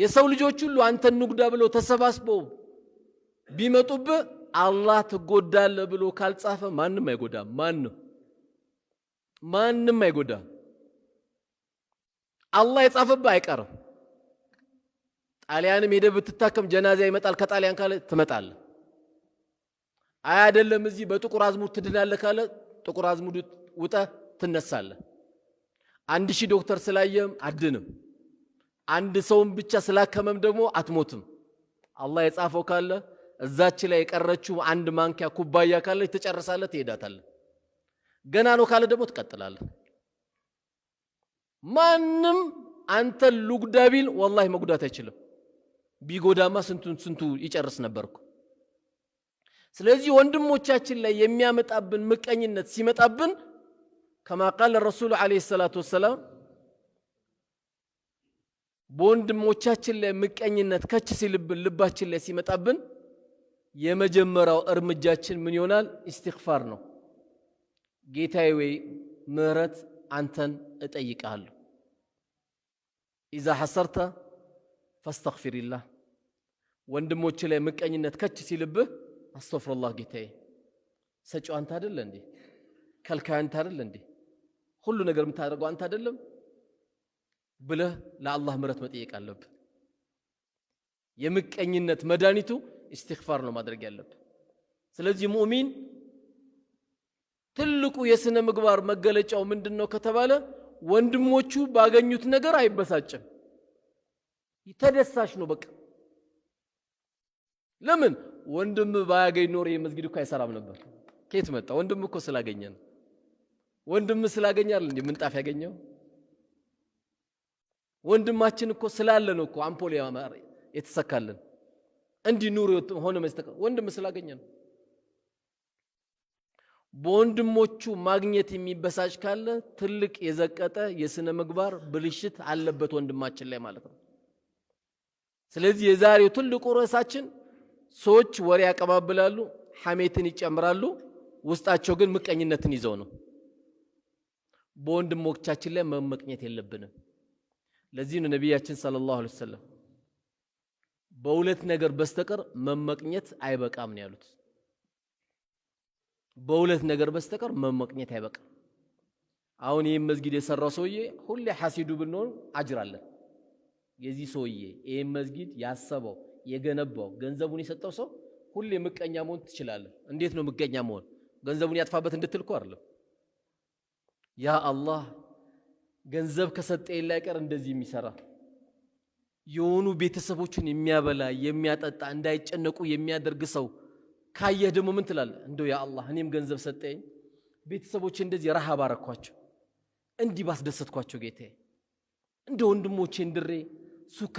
የሰው ልጆች ሁሉ አንተ ንጉዳ ብለው ተሰባስበው ቢመጡብ አላህ ትጎዳለህ ብሎ ካልጻፈ ማንም አይጎዳም። ማንም ማንም አይጎዳም። አላህ የጻፈብህ አይቀርም። ጣሊያንም ሄደህ ብትታከም ጀናዛ ይመጣል። ከጣሊያን ካለ ትመጣለህ። አይ አይደለም እዚህ በጥቁር አዝሙድ ትድናለህ ካለ ጥቁር አዝሙድ ውጠህ ትነሳለ። አንድ ሺህ ዶክተር ስላየም አድንም። አንድ ሰውን ብቻ ስላከመም ደግሞ አትሞትም። አላህ የጻፈው ካለ እዛች ላይ የቀረችው አንድ ማንኪያ ኩባያ ካለ ትጨርሳለህ፣ ትሄዳታለህ። ገና ነው ካለ ደግሞ ትቀጥላለህ። ማንም አንተ ልጉዳ ቢል ወላሂ መጉዳት አይችልም። ቢጎዳማ ስንቱን ስንቱ ይጨርስ ነበርኩ። ስለዚህ ወንድሞቻችን ላይ የሚያመጣብን ምቀኝነት ሲመጣብን ከማ ቃለ ረሱሉ ዓለይሂ ሰላቱ ወሰላም በወንድሞቻችን ላይ ምቀኝነት ከች ሲልብን ልባችን ላይ ሲመጣብን የመጀመሪያው እርምጃችን ምን ይሆናል? ኢስቲግፋር ነው። ጌታዬ ወይ ምህረት አንተን እጠይቃለሁ። ኢዛ ሐሰርተ ፈስተግፊሪላህ። ወንድሞች ላይ ምቀኝነት ከች ሲልብህ አስተፍርላህ ጌታዬ፣ ሰጪው አንተ አደለ እንዴ? ከልካይ አንተ አደለ እንዴ? ሁሉ ነገር የምታደርገው አንተ አደለም? ብለህ ለአላህ ምረት መጠየቅ አለብህ። የምቀኝነት መድኃኒቱ ኢስቲግፋር ነው ማድረግ ያለብ። ስለዚህ ሙእሚን ትልቁ የሥነ ምግባር መገለጫው ምንድን ነው ከተባለ ወንድሞቹ ባገኙት ነገር አይበሳጭም። ተደሳሽ ነው። በቃ ለምን ወንድም ባያገኝ ኖር የመስጊድ እኮ አይሰራም ነበር። ኬት መጣ? ወንድም እኮ ስላገኘ ነው። ወንድም ስላገኛል እንዴ ምንጣፍ ያገኘው? ወንድማችን እኮ ነው እኮ አምፖል የተሰካልን እንዲህ ኑር ሆነ መስተከ ወንድም ስላገኘ ነው። በወንድሞቹ ማግኘት የሚበሳጭ ካለ ትልቅ የዘቀጠ የስነ ምግባር ብልሽት አለበት ወንድማችን ላይ ማለት ነው። ስለዚህ የዛሬው ትልቁ ርዕሳችን ሰዎች ወሬ ያቀባብላሉ፣ ሐሜትን ይጨምራሉ፣ ውስጣቸው ግን ምቀኝነትን ይዘው ነው። በወንድሞቻችን ላይ መመቅኘት የለብንም። ለዚህ ነው ነቢያችን ሰለላሁ ዐለይሂ ወሰለም በሁለት ነገር በስተቀር መመቅኘት አይበቃም ነው ያሉት። በሁለት ነገር በስተቀር መመቅኘት አይበቃም። አሁን ይህ መስጊድ የሰራው ሰውዬ ሁሌ ሐሲዱ ብንሆን አጅራለን። የዚህ ሰውዬ ይህ መስጊድ ያሰበው የገነባው ገንዘቡን የሰጠው ሰው ሁሌ ምቀኛ መሆን ትችላለህ። እንዴት ነው ምቀኛ መሆን? ገንዘቡን ያጥፋበት እንድትል አይደለም። ያ አላህ ገንዘብ ከሰጠ የለ እንደዚህ የሚሰራ የሆኑ ቤተሰቦችን የሚያበላ የሚያጠጣ እንዳይጨነቁ የሚያደርግ ሰው ካየህ ደግሞ ምን ትላለህ? እንደው የአላ እኔም ገንዘብ ሰጠኝ ቤተሰቦች እንደዚህ ረሃብ አረኳቸው፣ እንዲህ ባስደሰትኳቸው ጌታ እንደ ወንድሞቼ እንድሬ ሱቅ